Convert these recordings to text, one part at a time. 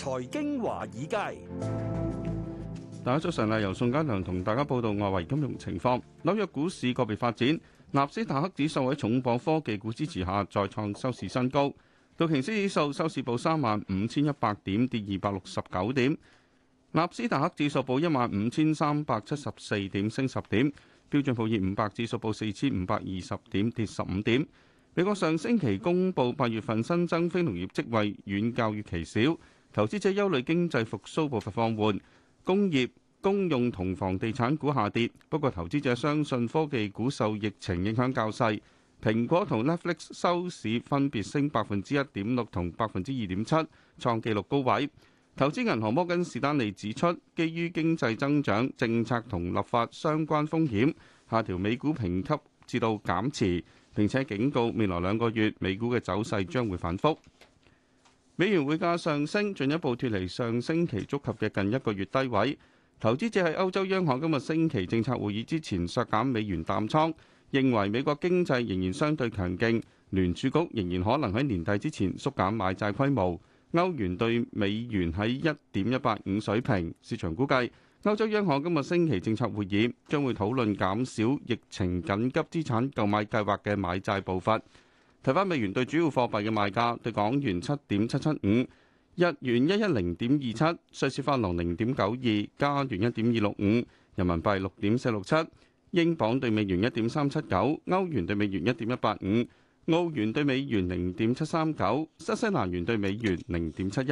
財經華爾街，大家早晨啊！由宋嘉良同大家報道外圍金融情況。紐約股市個別發展，納斯達克指數喺重磅科技股支持下再創收市新高。道瓊斯指數收市報三萬五千一百點，跌二百六十九點。納斯達克指數報一萬五千三百七十四點，升十點。標準普爾五百指數報四千五百二十點，跌十五點。美國上星期公佈八月份新增非農業職位遠較預期少。投資者憂慮經濟復甦步伐放緩，工業、公用同房地產股下跌。不過，投資者相信科技股受疫情影響較細。蘋果同 Netflix 收市分別升百分之一點六同百分之二點七，創紀錄高位。投資銀行摩根士丹利指出，基於經濟增長、政策同立法相關風險，下調美股評級至到減持，並且警告未來兩個月美股嘅走勢將會反覆。美元匯價上升，進一步脫離上星期觸及嘅近一個月低位。投資者喺歐洲央行今日星期政策會議之前削減美元淡倉，認為美國經濟仍然相對強勁，聯儲局仍然可能喺年底之前縮減買債規模。歐元對美元喺一點一八五水平，市場估計歐洲央行今日星期政策會議將會討論減少疫情緊急資產購買計劃嘅買債步伐。睇返美元對主要貨幣嘅賣價，對港元七點七七五，日元一一零點二七，瑞士法郎零點九二，加元一點二六五，人民幣六點四六七，英鎊對美元一點三七九，歐元對美元一點一八五，澳元對美元零點七三九，新西蘭元對美元零點七一。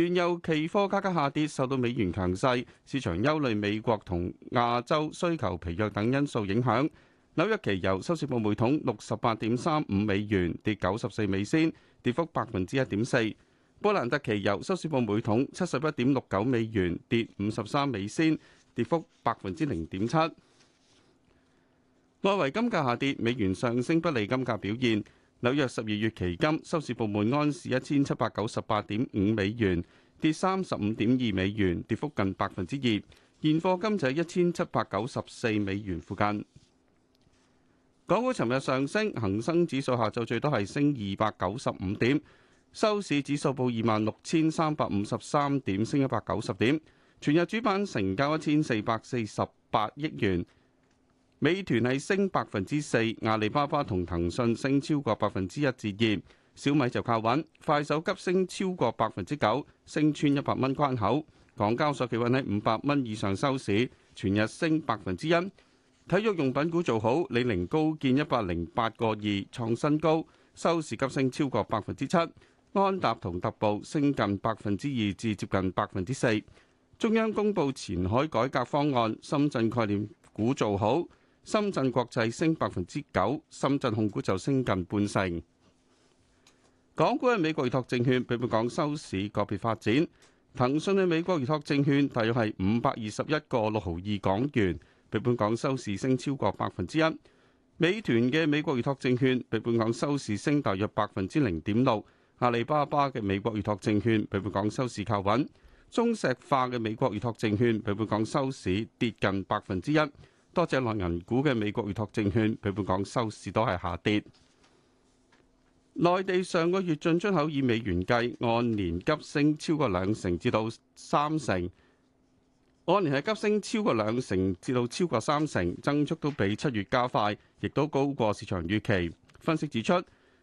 原油期貨價格下跌，受到美元強勢、市場憂慮美國同亞洲需求疲弱等因素影響。紐約期油收市報每桶六十八點三五美元，跌九十四美仙，跌幅百分之一點四。波蘭特期油收市報每桶七十一點六九美元，跌五十三美仙，跌幅百分之零點七。外圍金價下跌，美元上升不利金價表現。紐約十二月期金收市報每安士一千七百九十八點五美元，跌三十五點二美元，跌幅近百分之二。現貨金就一千七百九十四美元附近。港股尋日上升，恒生指數下晝最多係升二百九十五點，收市指數報二萬六千三百五十三點，升一百九十點。全日主板成交一千四百四十八億元。美團係升百分之四，阿里巴巴同騰訊升超過百分之一至二，小米就靠穩，快手急升超過百分之九，升穿一百蚊關口。港交所企穩喺五百蚊以上收市，全日升百分之一。體育用品股做好，李寧高見一百零八個二，創新高，收市急升超過百分之七。安踏同特步升近百分之二至接近百分之四。中央公布前海改革方案，深圳概念股做好，深圳國際升百分之九，深圳控股就升近半成。港股嘅美國預託證券，比本港收市個別發展。騰訊嘅美國預託證券，大約係五百二十一個六毫二港元。比本港收市升超過百分之一，美團嘅美國預託證券比本港收市升大約百分之零點六，阿里巴巴嘅美國預託證券比本港收市靠穩，中石化嘅美國預託證券比本港收市跌近百分之一，多隻內銀股嘅美國預託證券比本港收市都係下跌，內地上個月進出口以美元計按年急升超過兩成至到三成。往年係急升超過兩成，至到超過三成，增速都比七月加快，亦都高過市場預期。分析指出，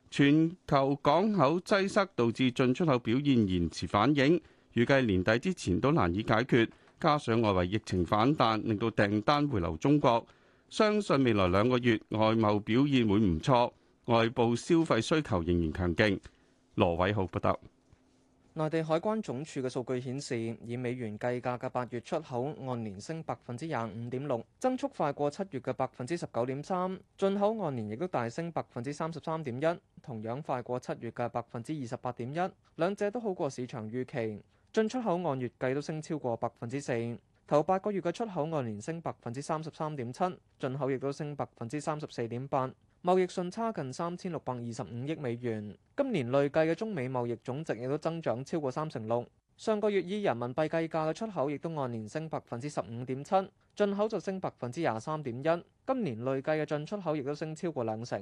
全球港口擠塞導致進出口表現延遲反應，預計年底之前都難以解決。加上外圍疫情反彈，令到訂單回流中國，相信未來兩個月外貿表現會唔錯。外部消費需求仍然強勁。羅偉浩，不得。內地海關總署嘅數據顯示，以美元計價嘅八月出口按年升百分之廿五點六，增速快過七月嘅百分之十九點三；進口按年亦都大升百分之三十三點一，同樣快過七月嘅百分之二十八點一，兩者都好過市場預期。進出口按月計都升超過百分之四。頭八個月嘅出口按年升百分之三十三點七，進口亦都升百分之三十四點八，貿易順差近三千六百二十五億美元。今年累計嘅中美貿易總值亦都增長超過三成六。上個月以人民幣計價嘅出口亦都按年升百分之十五點七。進口就升百分之廿三點一，今年累計嘅進出口亦都升超過兩成。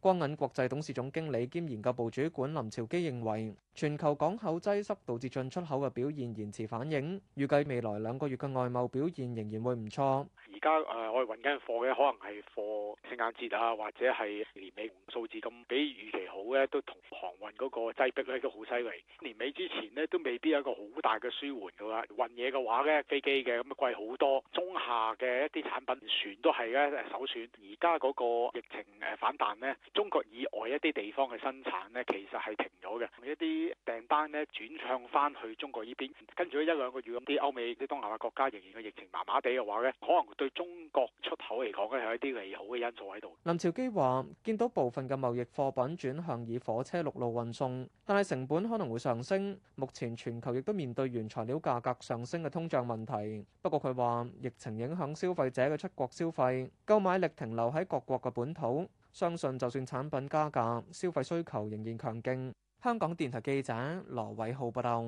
光銀國際董事總經理兼研究部主管林朝基認為，全球港口擠塞導致進出口嘅表現延遲反應，預計未來兩個月嘅外貿表現仍然會唔錯。而家誒，我哋運緊貨嘅，可能係貨聖誕節啊，或者係年尾數字咁比預期好咧，都同航運嗰個擠逼咧都好犀利。年尾之前咧都未必有一個好大嘅舒緩噶啦，運嘢嘅話咧飛機嘅咁啊貴好多，中下。嘅一啲產品，船都係咧首選。而家嗰個疫情誒反彈呢，中國以外一啲地方嘅生產呢，其實係停咗嘅，一啲訂單呢轉向翻去中國呢邊。跟住一兩個月咁，啲歐美啲東南亞國家仍然嘅疫情麻麻地嘅話呢，可能對中國出口嚟講呢係一啲利好嘅因素喺度。林朝基話：見到部分嘅貿易貨品轉向以火車陸路運送，但係成本可能會上升。目前全球亦都面對原材料價格上升嘅通脹問題。不過佢話疫情亦。影響消費者嘅出國消費，購買力停留喺各國嘅本土。相信就算產品加價，消費需求仍然強勁。香港電台記者羅偉浩報道。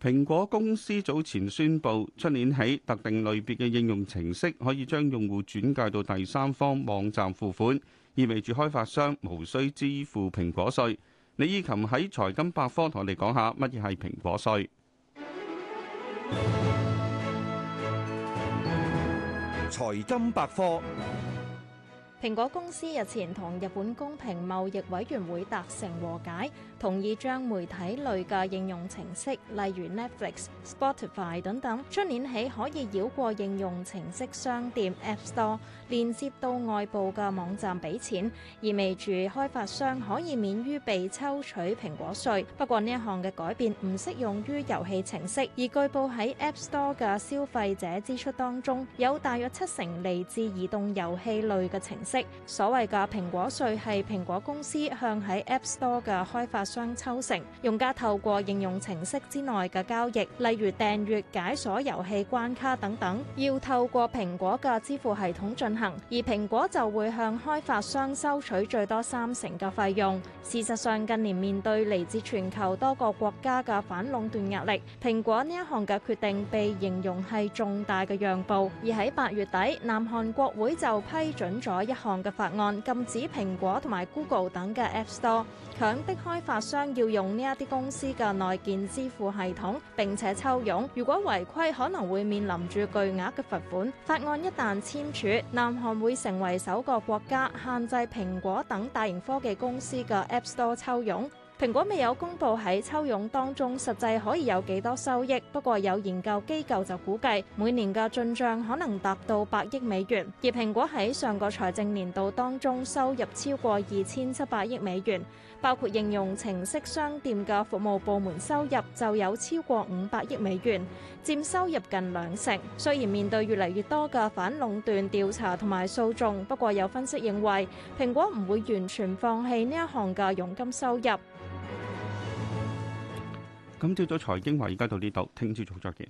蘋果公司早前宣布，出年起特定類別嘅應用程式可以將用戶轉介到第三方網站付款，意味住開發商無需支付蘋果稅。李以琴喺財金百科同我哋講下乜嘢係蘋果稅。 財金百科。蘋果公司日前同日本公平貿易委員會達成和解，同意將媒體類嘅應用程式，例如 Netflix、Spotify 等等，出年起可以繞過應用程式商店 App Store，連接到外部嘅網站俾錢，意味住開發商可以免於被抽取蘋果稅。不過呢一項嘅改變唔適用於遊戲程式，而據報喺 App Store 嘅消費者支出當中有大約七成嚟自移動遊戲類嘅程式。所謂嘅蘋果稅係蘋果公司向喺 App Store 嘅開發商抽成，用家透過應用程式之內嘅交易，例如訂閱、解鎖遊戲關卡等等，要透過蘋果嘅支付系統進行，而蘋果就會向開發商收取最多三成嘅費用。事實上，近年面對嚟自全球多個國家嘅反壟斷壓力，蘋果呢一項嘅決定被形容係重大嘅讓步。而喺八月底，南韓國會就批准咗一南韓嘅法案禁止蘋果同埋 Google 等嘅 App Store，強迫開發商要用呢一啲公司嘅內建支付系統，並且抽佣。如果違規，可能會面臨住巨額嘅罰款。法案一旦簽署，南韓會成為首個國家限制蘋果等大型科技公司嘅 App Store 抽佣。蘋果未有公布喺抽傭當中實際可以有幾多收益，不過有研究機構就估計每年嘅進帳可能達到百億美元。而蘋果喺上個財政年度當中收入超過二千七百億美元，包括應用程式商店嘅服務部門收入就有超過五百億美元，佔收入近兩成。雖然面對越嚟越多嘅反壟斷調查同埋訴訟，不過有分析認為蘋果唔會完全放棄呢一項嘅佣金收入。今、嗯、朝早財經話而家到呢度，聽朝早再見。